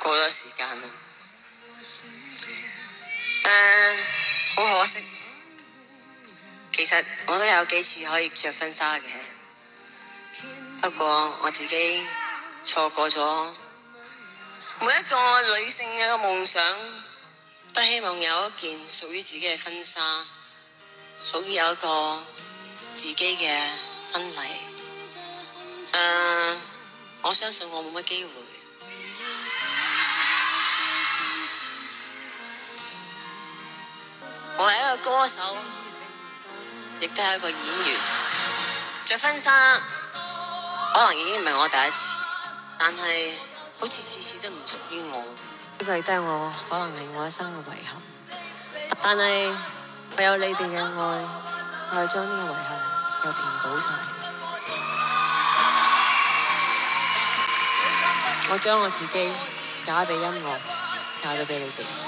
過咗時間咯。誒，好可惜。其實我都有幾次可以着婚紗嘅，不過我自己錯過咗。每一個女性嘅夢想都希望有一件屬於自己嘅婚紗，屬於有一個自己嘅婚禮。誒，uh，我相信我冇乜機會。我係一個歌手，亦都係一個演員。著婚紗可能已經唔係我第一次，但係好似次次都唔屬於我，呢、這個亦都係我可能係我一生嘅遺憾。但係，我有你哋嘅愛，我係將呢個遺憾又填補曬。 我將我自己嫁畀音樂，嫁咗畀你哋。